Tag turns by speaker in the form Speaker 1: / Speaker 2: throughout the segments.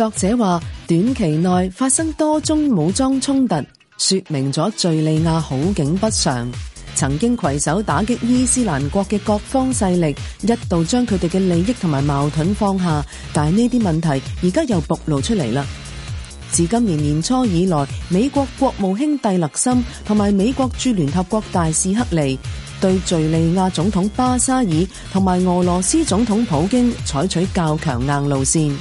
Speaker 1: 作者話：短期內發生多宗武裝衝突，說明咗敘利亞好景不常。曾經攜手打擊伊斯蘭國嘅各方勢力，一度將佢哋嘅利益同埋矛盾放下，但係呢啲問題而家又暴露出嚟啦。自今年年初以來，美國國務卿蒂勒森同埋美國駐聯合國大使克利對敘利亞總統巴沙爾同埋俄羅斯總統普京採取較強硬路線。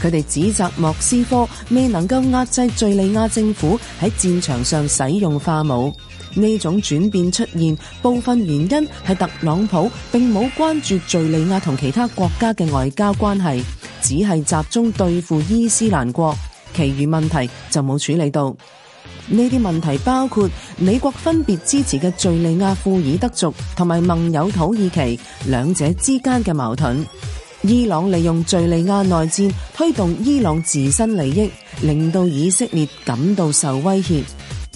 Speaker 1: 佢哋指責莫斯科未能夠壓制敘利亞政府喺戰場上使用化武。呢種轉變出現，部分原因係特朗普並冇關注敘利亞同其他國家嘅外交關係，只係集中對付伊斯蘭國，其餘問題就冇處理到。呢啲問題包括美國分別支持嘅敘利亞庫爾德族同埋盟友土耳其兩者之間嘅矛盾。伊朗利用敘利亞內戰推動伊朗自身利益，令到以色列感到受威脅。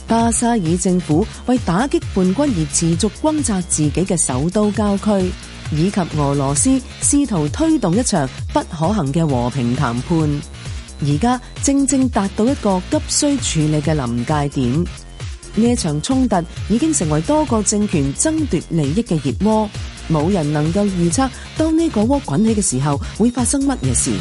Speaker 1: 巴沙爾政府為打擊叛軍而持續轟炸自己嘅首都郊區，以及俄羅斯試圖推動一場不可行嘅和平談判，而家正正達到一個急需處理嘅臨界點。呢場衝突已經成為多個政權爭奪利益嘅熱窩，冇人能夠預測當呢個窩滾起嘅時候會發生乜嘢事。